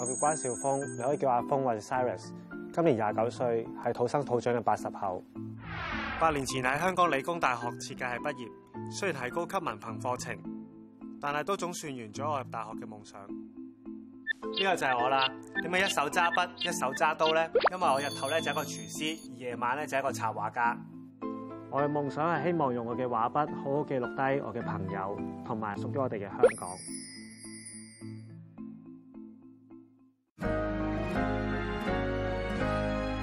我叫關紹烽，你可以叫阿峰或者 Syrus。Sires，今年廿九歲，係土生土長嘅八十後。八年前喺香港理工大學設計系畢業，雖然係高級文憑課程，但係都總算完咗我入大學嘅夢想。呢、這個就係我啦。點解一手揸筆一手揸刀咧？因為我日頭咧就係一個廚師，夜晚咧就係一個插畫家。我嘅夢想係希望用我嘅畫筆，好好記錄低我嘅朋友同埋屬於我哋嘅香港。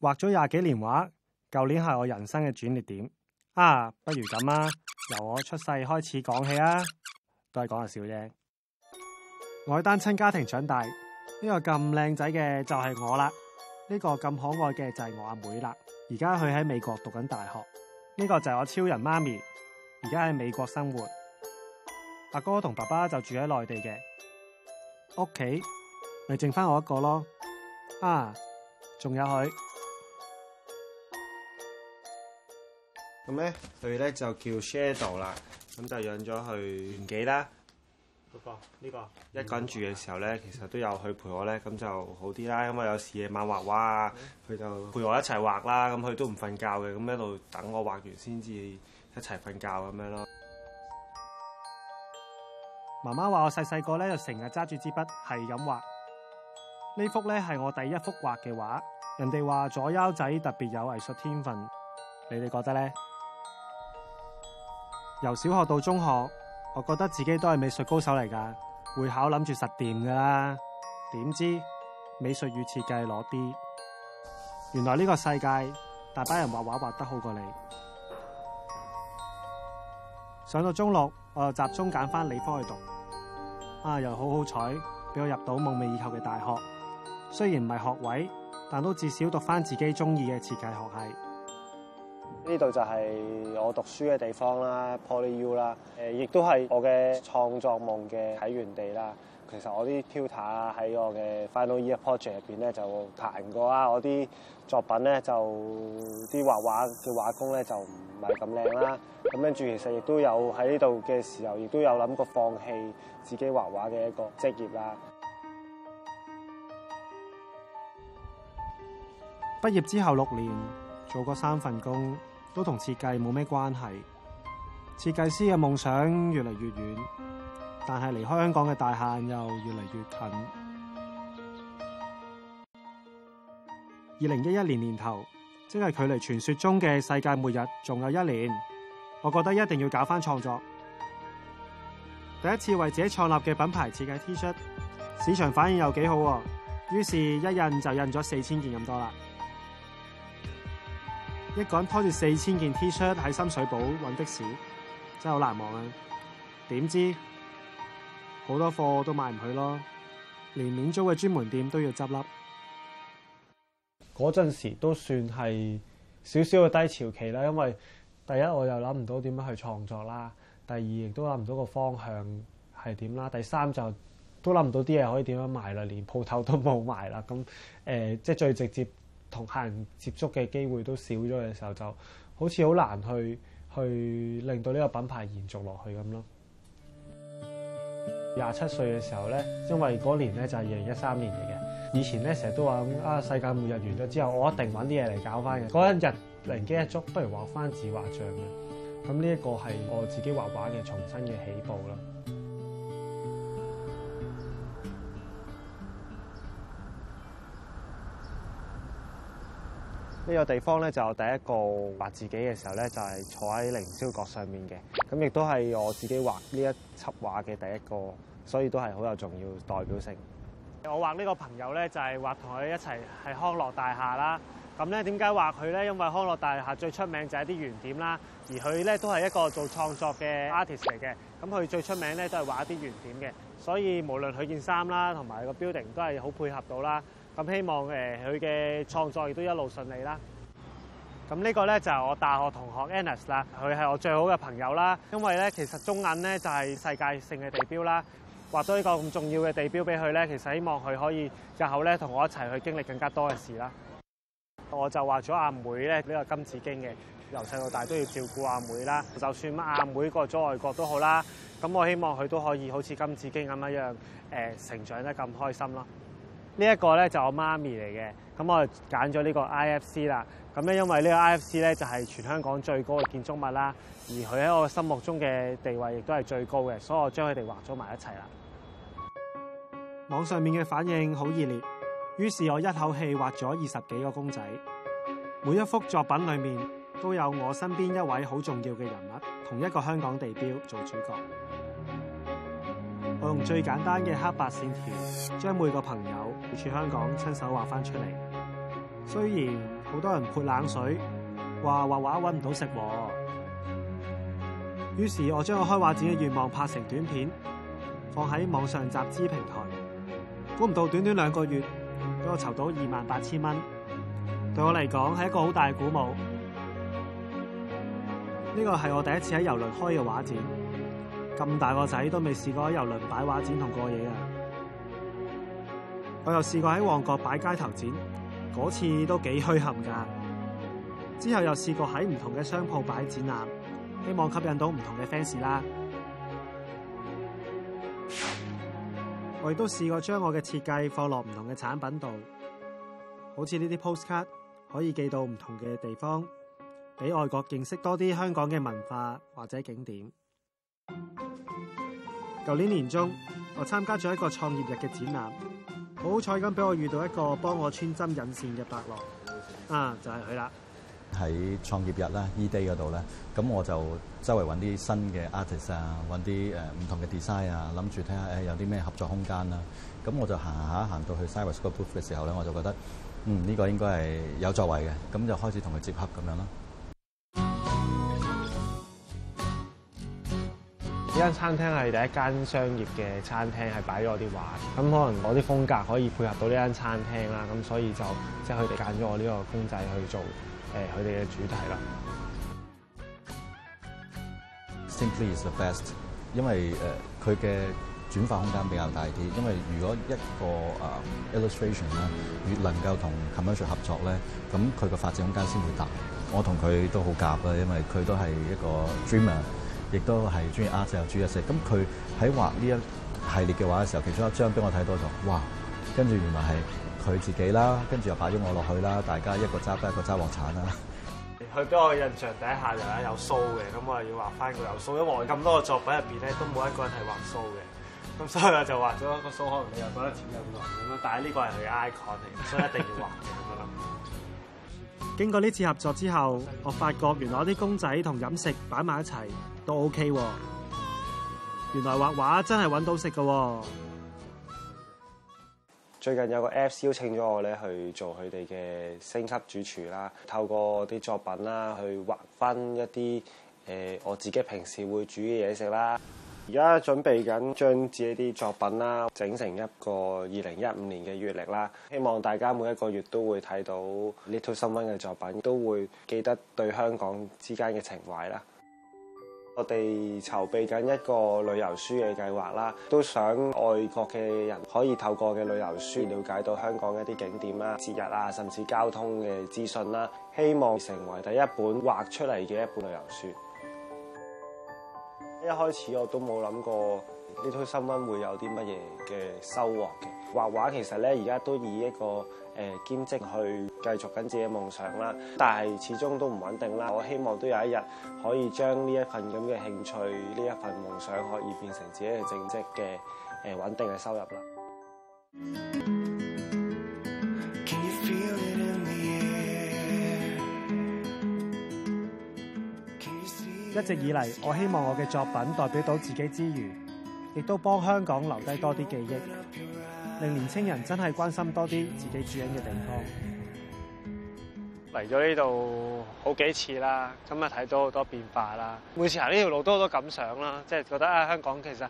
畫咗廿幾年畫，舊年係我人生嘅轉捩點。啊，不如咁啦，由我出世開始講起啊，都係講下笑啫。我喺單親家庭長大，呢個咁靚仔嘅就係我啦，呢個咁可愛嘅就係我阿妹啦。而家佢喺美國讀緊大學，呢個就係我超人媽咪，而家喺美國生活。阿哥同爸爸就住喺內地嘅屋企，咪剩返我一個囉。啊，仲有佢。咁咧，佢咧就叫 Shadow 就啦，咁就養咗佢年幾啦。六個呢個，一個人住嘅時候咧、這個，其實都有佢陪我咧，咁就好啲啦。因為有時夜晚畫畫啊，佢、嗯、就陪我一齊畫啦。咁佢都唔瞓覺嘅，咁一路等我畫完先至一齊瞓覺咁樣咯。媽媽話我細細個咧，就成日揸住支筆係咁畫。幅呢幅咧係我第一幅畫嘅畫。人哋話左拗仔特別有藝術天分，你哋覺得咧？由小學到中學，我覺得自己都係美術高手嚟噶，會考諗住實掂噶啦。點知美術與設計攞 B，原來呢個世界大把人畫畫畫得好過你。上到中六，我又集中揀翻理科去讀，啊，又好好彩俾我入到夢寐以求嘅大學。雖然唔係學位，但都至少讀翻自己中意嘅設計學系。呢度就係我讀書嘅地方啦，PolyU 啦，誒，亦都係我嘅創作夢嘅起源地啦。其實我啲 tutor 喺我嘅 Final Year Project 入邊咧就彈過啦，我啲作品咧就啲畫畫嘅畫工咧就唔係咁靚啦。咁跟住其實亦都有喺呢度嘅時候，亦都有諗過放棄自己畫畫嘅一個職業啦。畢業之後六年，做過三份工。都同設計冇咩關係，設計師嘅夢想越嚟越遠，但係離香港嘅大限又越嚟越近。二零一一年年頭，即係距離傳說中嘅世界末日仲有一年，我覺得一定要搞返創作。第一次為自己創立嘅品牌設計 T 恤，市場反應又幾好，於是一印就印咗四千件咁多啦。一個人拖住四千件 T-shirt 喺深水埗揾的士，真係好難忘啊！點知好多貨都賣唔去咯，連免租嘅專門店都要執笠。嗰陣時都算係少少嘅低潮期啦，因為第一我又諗唔到點樣去創作啦，第二亦都諗唔到個方向係點啦，第三就都諗唔到啲嘢可以點樣賣啦，連鋪頭都冇賣啦，咁誒、呃、即係最直接。同客人接觸嘅機會都少咗嘅時候，就好似好難去去令到呢個品牌延續落去咁咯。廿七歲嘅時候咧，因為嗰年咧就係二零一三年嚟嘅，以前咧成日都話啊世界末日完咗之後，我一定搵啲嘢嚟搞翻嘅。嗰一日靈機一觸，不如畫翻自畫像嘅。咁呢一個係我自己畫畫嘅重新嘅起步啦。呢個地方咧就第一個畫自己嘅時候咧，就係坐喺凌霄閣上面嘅。咁亦都係我自己畫呢一輯畫嘅第一個，所以都係好有重要代表性。我畫呢個朋友咧，就係畫同佢一齊喺康樂大廈啦。咁咧點解畫佢咧？因為康樂大廈最出名就係啲圓點啦。而佢咧都係一個做創作嘅 artist 嚟嘅。咁佢最出名咧都係畫一啲圓點嘅。所以無論佢件衫啦，同埋個 building 都係好配合到啦。咁希望誒佢嘅創作亦都一路順利啦。咁呢個咧就係、是、我大學同學 Anus 啦，佢係我最好嘅朋友啦。因為咧其實中銀咧就係、是、世界性嘅地標啦，畫到呢個咁重要嘅地標俾佢咧，其實希望佢可以日後咧同我一齊去經歷更加多嘅事啦。我就畫咗阿妹咧，呢個金紫荊嘅，由細到大都要照顧阿妹啦。就算是阿妹過咗外國都好啦，咁我希望佢都可以好似金紫荊咁樣樣誒、呃、成長得咁開心咯。呢、這、一個咧就我媽咪嚟嘅，咁我揀咗呢個 IFC 啦。咁咧因為呢個 IFC 咧就係全香港最高嘅建築物啦，而佢喺我心目中嘅地位亦都係最高嘅，所以我將佢哋畫咗埋一齊啦。網上面嘅反應好熱烈，於是我一口氣畫咗二十幾個公仔，每一幅作品裏面都有我身邊一位好重要嘅人物，同一個香港地標做主角。我用最簡單嘅黑白線條，將每個朋友，每處香港親手畫翻出嚟，雖然好多人潑冷水，話畫畫搵唔到食。於是我將我開畫展嘅願望拍成短片，放喺網上集資平台，估唔到短短兩個月俾我籌到二萬八千蚊，對我嚟講係一個好大嘅鼓舞。呢個係我第一次喺遊輪開嘅畫展，咁大個仔都未試過喺遊輪擺畫展同過夜啊！我又試過喺旺角擺街頭展，嗰次都幾虛陷㗎。之後又試過喺唔同嘅商鋪擺展覽，希望吸引到唔同嘅 fans 啦。我亦都試過將我嘅設計放落唔同嘅產品度，好似呢啲 postcard 可以寄到唔同嘅地方，俾外國認識多啲香港嘅文化或者景點。舊年年中，我參加咗一個創業日嘅展覽。好彩咁俾我遇到一個幫我穿針引線嘅伯樂啊，就係佢啦。喺創業日啦 E Day 嗰度咧，咁我就周圍揾啲新嘅 artist 啊，揾啲唔同嘅 design 啊，諗住睇下有啲咩合作空間啦。咁我就行下，行到去 Silversea Booth 嘅時候咧，我就覺得嗯呢、呢個應該係有作為嘅，咁就開始同佢接洽咁樣啦。間餐廳係第一間商業嘅餐廳放的的，係擺咗我啲畫。咁可能我啲風格可以配合到呢間餐廳啦。咁所以就即係佢哋揀咗我呢個公仔去做誒佢哋嘅主題啦。Simply is the best，因為誒佢嘅轉化空間比較大啲。因為如果一個誒、uh, illustration 咧越能夠同 commercial 合作咧，咁佢嘅發展空間先會大。我同佢都好夾啦，因為佢都係一個 dreamer。亦都係中意 R 仔又 G 一四，咁佢喺畫呢一系列嘅畫嘅時候，其中一張俾我睇到就哇！跟住原來係佢自己啦，跟住又擺咗我落去啦，大家一個揸筆一個揸鑊鏟啦。佢俾我印象底下有有鬚嘅，咁我又要畫返個有鬚，因為我咁多個作品入邊咧都冇一個人係畫鬚嘅，咁所以我就畫咗個鬚。可能你又覺得似兩個人咁咯，但係呢個係佢 icon 嚟，所以一定要畫嘅，我諗。經過呢次合作之後，我發覺原來啲公仔同飲食擺埋一齊都 OK 喎。原來畫畫真係揾到食㗎喎。最近有個 Apps 邀請咗我咧去做佢哋嘅升級主廚啦，透過啲作品啦去畫翻一啲誒我自己平時會煮嘅嘢食啦。而家準備緊將自己啲作品啦，整成一個二零一五年嘅月曆啦。希望大家每一個月都會睇到 Little Simon 嘅作品，都會記得對香港之間嘅情懷啦。我哋籌備緊一個旅遊書嘅計劃啦，都想外國嘅人可以透過嘅旅遊書了解到香港一啲景點啦、節日啊，甚至交通嘅資訊啦。希望成為第一本畫出嚟嘅一本旅遊書。一開始我都冇諗過呢堆新聞會有啲乜嘢嘅收穫嘅畫畫其實咧而家都以一個誒兼職去繼續緊自己嘅夢想啦，但係始終都唔穩定啦。我希望都有一日可以將呢一份咁嘅興趣，呢一份夢想可以變成自己嘅正職嘅誒穩定嘅收入啦。一直以嚟，我希望我嘅作品代表到自己之餘，亦都幫香港留低多啲記憶，令年青人真係關心多啲自己住緊嘅地方。嚟咗呢度好幾次啦，今日睇到好多變化啦，每次行呢條路都好多感想啦，即係覺得啊，香港其實。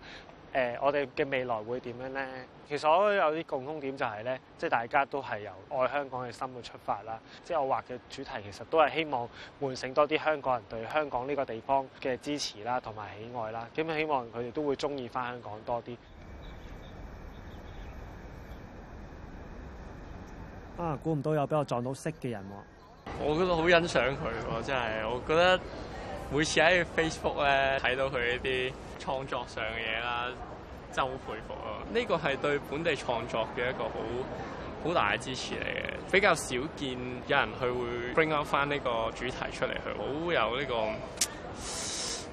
誒、呃，我哋嘅未來會點樣呢？其實我都有啲共通點，就係、是、呢，即係大家都係由愛香港嘅心去出發啦。即係我畫嘅主題，其實都係希望喚醒多啲香港人對香港呢個地方嘅支持啦，同埋喜愛啦。咁希望佢哋都會中意翻香港多啲。啊！估唔到有俾我撞到識嘅人喎！我覺得好欣賞佢喎，真係。我覺得每次喺 Facebook 咧睇到佢呢啲。.創作上嘅嘢啦，真係好佩服啊！呢個係對本地創作嘅一個好好大嘅支持嚟嘅，比較少見有人去會 bring up 翻呢個主題出嚟，佢好有呢個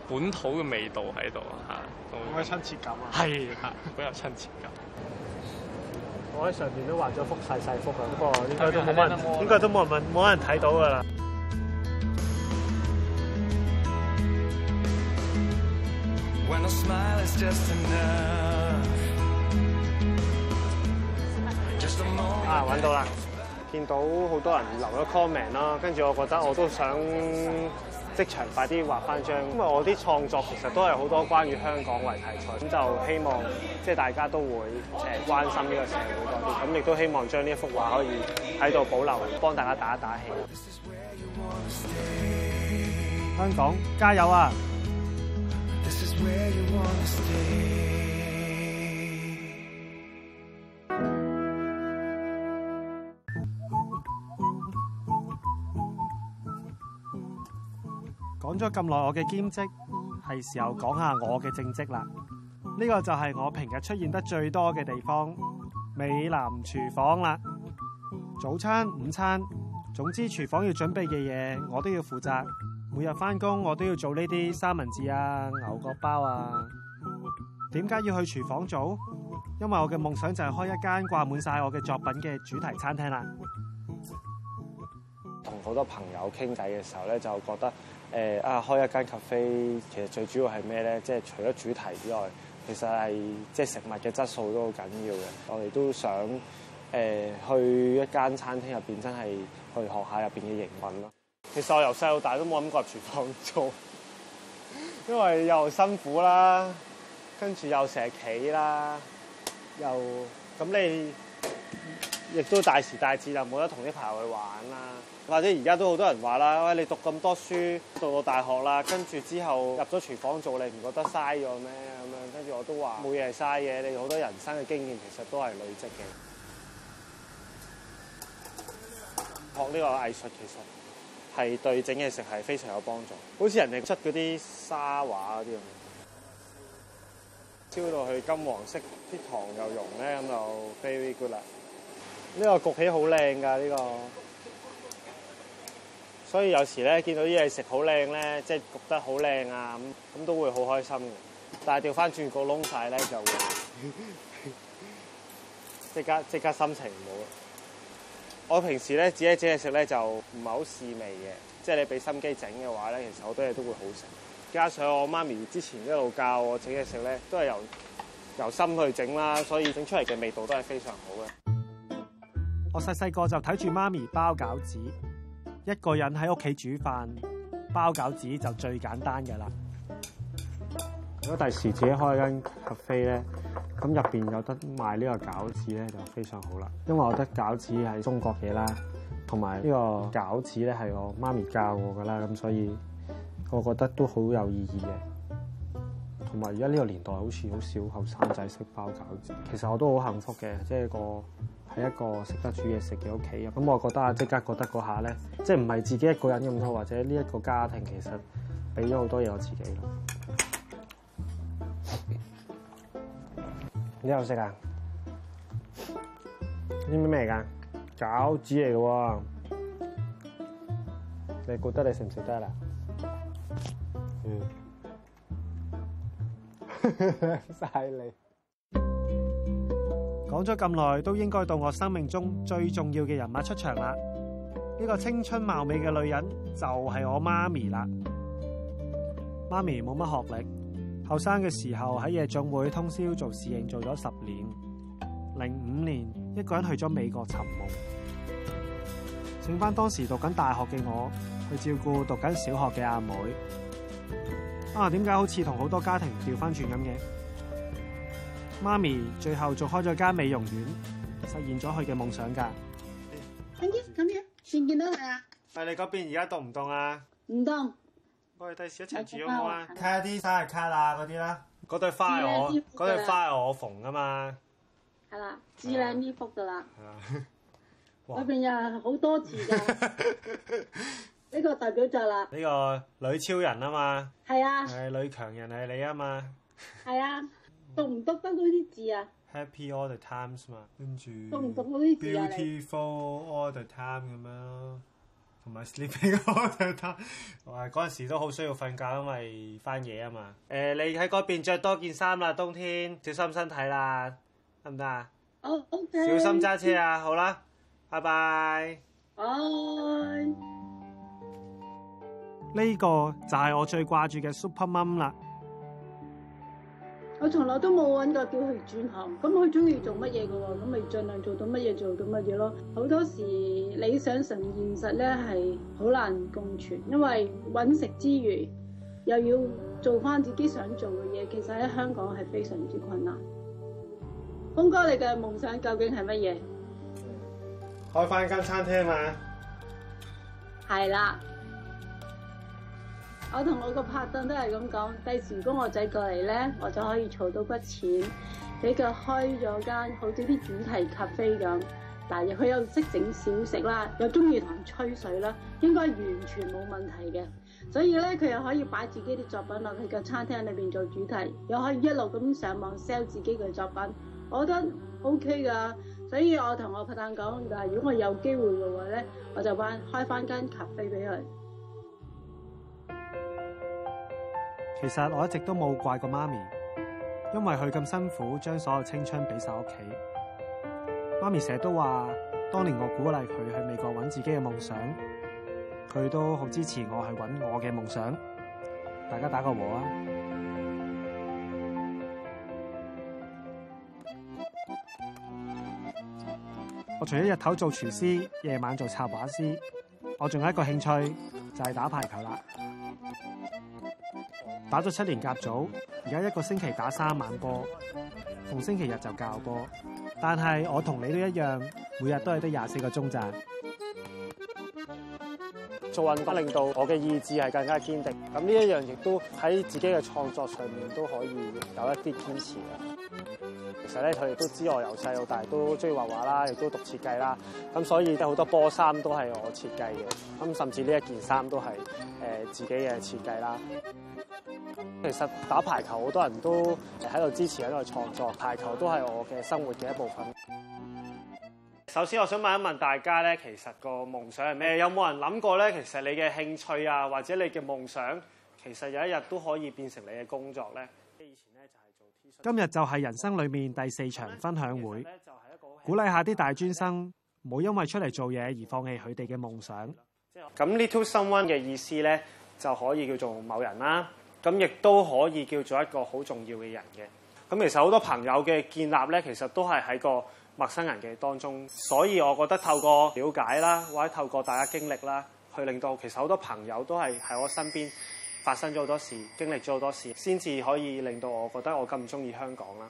本土嘅味道喺度嚇，好有親切感啊，係啊！係係，好有親切感。 我喺上面都畫咗幅細細幅啊，不過呢個都冇乜，應該都冇人問，冇人睇到啊。啊！揾到啦，見到好多人留咗 comment 啦，跟住我覺得我都想即場快啲畫翻張，因為我啲創作其實都係好多關於香港為題嘅，咁就希望即係大家都會誒關心呢個社會好多啲，咁亦都希望將呢一幅畫可以喺度保留，幫大家打一打氣。香港加油啊！講咗咁耐，我嘅兼職，係時候講下我嘅正職啦。呢個就係我平日出現得最多嘅地方——美男廚房啦。早餐、午餐，總之廚房要準備嘅嘢，我都要負責。每日翻工，我都要做呢啲三文治啊、牛角包啊。點解要去廚房做？因為我嘅夢想就係開一間掛滿晒我嘅作品嘅主題餐廳啦。同好多朋友傾偈嘅時候咧，就覺得誒啊、呃，開一間咖啡其實最主要係咩咧？即係除咗主題之外，其實係即係食物嘅質素都好緊要嘅。我哋都想誒、呃、去一間餐廳入邊，真係去學下入邊嘅營運啦。其實我由細到大都冇諗過入廚房做，因為又辛苦啦，跟住又成日企啦，又咁你亦都大時大節就冇得同啲朋友去玩啦。或者而家都好多人話啦：喂，你讀咁多書，到到大學啦，跟住之後入咗廚房做，你唔覺得嘥咗咩？咁樣跟住我都話冇嘢係嘥嘅，你好多人生嘅經驗其實都係累積嘅。學呢個藝術其實。係對整嘢食係非常有幫助，好似人哋出嗰啲沙畫嗰啲咁，燒到去金黃色，啲糖又溶咧，咁就 very good 啦。呢個焗起好靚㗎，呢、呢個。所以有時咧，見到啲嘢食好靚咧，即係焗得好靚啊，咁咁都會好開心嘅。但係掉翻轉個窿晒咧，就即刻即刻即刻心情唔好。我平時咧，自己整嘢食咧，就唔係好試味嘅。即係你俾心機整嘅話咧，其實好多嘢都會好食。加上我媽咪之前一路教我整嘢食咧，都係由由心去整啦，所以整出嚟嘅味道都係非常好嘅。我細細個就睇住媽咪包餃子，一個人喺屋企煮飯包餃子就最簡單㗎啦。如果第時自己開一間咖啡咧，咁入邊有得賣呢個餃子咧，就非常好啦。因為我覺得餃子係中國嘢啦，同埋呢個餃子咧係我媽咪教我噶啦，咁所以我覺得都好有意義嘅。同埋而家呢個年代好似好少後生仔識包餃子，其實我都好幸福嘅，即係個喺一個識得煮嘢食嘅屋企。咁我覺得啊，即刻覺得嗰下咧，即係唔係自己一個人用到，或者呢一個家庭其實俾咗好多嘢我自己。咩好食啊？呢咩咩噶？餃子嚟嘅喎。你覺得你食唔食得啊？嗯。笑嚟。講咗咁耐，都應該到我生命中最重要嘅人物出場啦。呢個青春貌美嘅女人就係我媽咪啦。媽咪冇乜學歷後生嘅時候喺夜總會通宵做侍應做咗十年，零五年一個人去咗美國尋夢，剩翻當時讀緊大學嘅我去照顧讀緊小學嘅阿妹,妹。啊，點解好似同好多家庭調翻轉咁嘅？媽咪最後仲開咗間美容院，實現咗佢嘅夢想噶。Andy，咁樣，見唔見到你動動啊。誒，你嗰邊而家凍唔凍啊？唔凍。我哋第時一齊住好唔好啊？睇下啲生日卡啦嗰啲啦，嗰對花，我嗰對花係我縫噶嘛。係啦，知靚衣服噶啦。係啊，哇，嗰邊又好多字噶，呢 個代表作啦，呢、呢個女超人啊嘛。係啊，係女強人係你啊嘛。係啊，讀唔讀得嗰啲字啊？Happy all the times 嘛，跟住讀唔讀到啲字啊？Beautiful all the time 咁樣。同埋 sleeping 好得，我係嗰陣時都好需要瞓覺，因為翻夜啊嘛。誒、呃，你喺嗰邊著多件衫啦，冬天小心身體啦，得唔得啊？好，OK。小心揸車啊，好啦，拜拜。Bye。呢個就係我最掛住嘅 Super Mum 啦。我從來都冇揾過叫佢轉行，咁佢中意做乜嘢嘅喎，咁咪儘量做到乜嘢做到乜嘢咯。好多時理想成現實咧，係好難共存，因為揾食之餘又要做翻自己想做嘅嘢，其實喺香港係非常之困難。峰哥，你嘅夢想究竟係乜嘢？開翻間餐廳吖。係啦。我同我個拍檔都係咁講，第時如果我仔過嚟咧，我就可以儲到筆錢俾佢開咗間好似啲主題咖啡咁。但係，佢又識整小食啦，又中意同吹水啦，應該完全冇問題嘅。所以咧，佢又可以擺自己啲作品落去個餐廳裏邊做主題，又可以一路咁上網 sell 自己嘅作品。我覺得 OK 噶，所以我同我拍檔講，但係如果我有機會嘅話咧，我就話開翻間咖啡俾佢。其實我一直都冇怪過媽咪，因為佢咁辛苦將所有青春俾晒屋企。媽咪成日都話，當年我鼓勵佢去美國揾自己嘅夢想，佢都好支持我去揾我嘅夢想。大家打個和啊！我除咗日頭做廚師，夜晚做插畫師，我仲有一個興趣就係、是、打排球啦。打咗七年甲組，而家一個星期打三晚波，逢星期日就教波。但係我同你都一樣，每日都係得廿四個鐘咋。做運動令到我嘅意志係更加堅定。咁呢一樣亦都喺自己嘅創作上面都可以有一啲堅持啊。其實咧，佢亦都知道我由細到大都中意畫畫啦，亦都讀設計啦。咁所以好多波衫都係我設計嘅。咁甚至呢一件衫都係誒、呃、自己嘅設計啦。其實打排球好多人都喺度支持喺度創作，排球都係我嘅生活嘅一部分。首先，我想問一問大家咧，其實個夢想係咩？有冇人諗過咧？其實你嘅興趣啊，或者你嘅夢想，其實有一日都可以變成你嘅工作咧。今日就係人生裏面第四場分享會，就係一個鼓勵下啲大專生，唔好因為出嚟做嘢而放棄佢哋嘅夢想。咁，就是，little someone 嘅意思咧，就可以叫做某人啦。咁亦都可以叫做一個好重要嘅人嘅。咁其實好多朋友嘅建立咧，其實都係喺個陌生人嘅當中。所以我覺得透過了解啦，或者透過大家經歷啦，去令到其實好多朋友都係喺我身邊發生咗好多事，經歷咗好多事，先至可以令到我覺得我咁中意香港啦。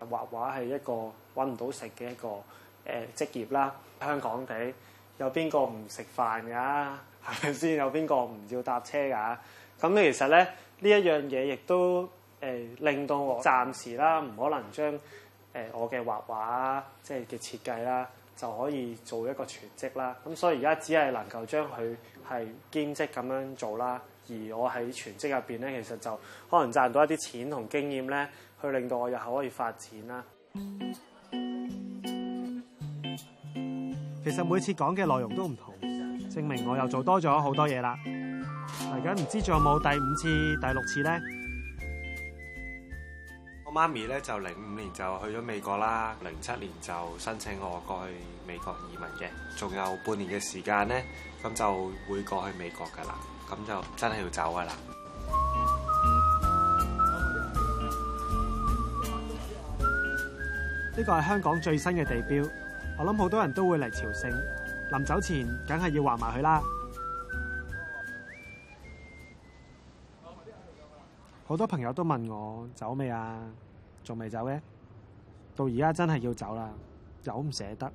畫畫係一個揾唔到食嘅一個誒職業啦。香港地有邊個唔食飯㗎？係咪先？有邊個唔要搭車㗎？咁其實咧，呢一樣嘢亦都誒、呃、令到我暫時啦，唔可能將誒、呃、我嘅畫畫即係嘅設計啦，就可以做一個全職啦。咁、嗯、所以而家只係能夠將佢係兼職咁樣做啦。而我喺全職入邊咧，其實就可能賺到一啲錢同經驗咧，去令到我日後可以發展啦。其實每次講嘅內容都唔同，證明我又做多咗好多嘢啦。大家唔知仲有冇第五次、第六次咧？我媽咪咧就零五年就去咗美國啦，零七年就申請我過去美國移民嘅，仲有半年嘅時間咧，咁就會過去美國噶啦，咁就真係要走噶啦！呢個係香港最新嘅地標，我諗好多人都會嚟朝聖。臨走前，梗係要話埋佢啦。好多朋友都問我走未啊？仲未走嘅，到而家真係要走啦，又唔捨得，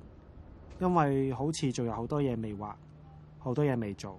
因為好似仲有好多嘢未畫，好多嘢未做。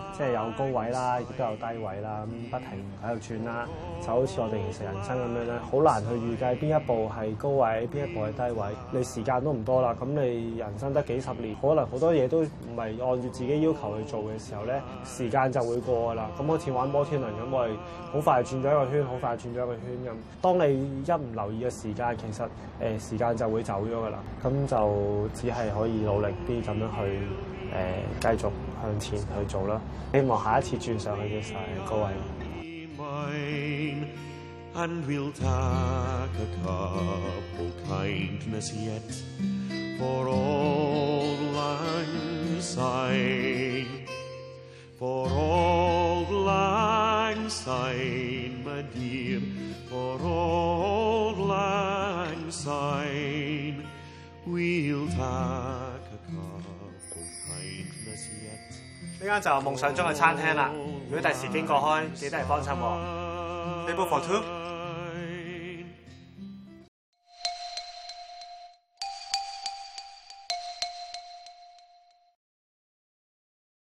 即係有高位啦，亦都有低位啦，咁不停喺度轉啦，就好似我哋形成人生咁樣咧，好難去預計邊一步係高位，邊一步係低位。你時間都唔多啦，咁你人生得幾十年，可能好多嘢都唔係按照自己要求去做嘅時候咧，時間就會過噶啦。咁好似玩摩天輪，咁，我哋好快就轉咗一個圈，好快就轉咗一個圈咁。當你一唔留意嘅時間，其實誒、呃、時間就會走咗噶啦。咁就只係可以努力啲咁樣去。誒繼續向前去做啦，希望下一次轉上去嘅時候，各位。呢間就係夢想中嘅餐廳啦！如果第時經過開，記得嚟幫襯喎。嗯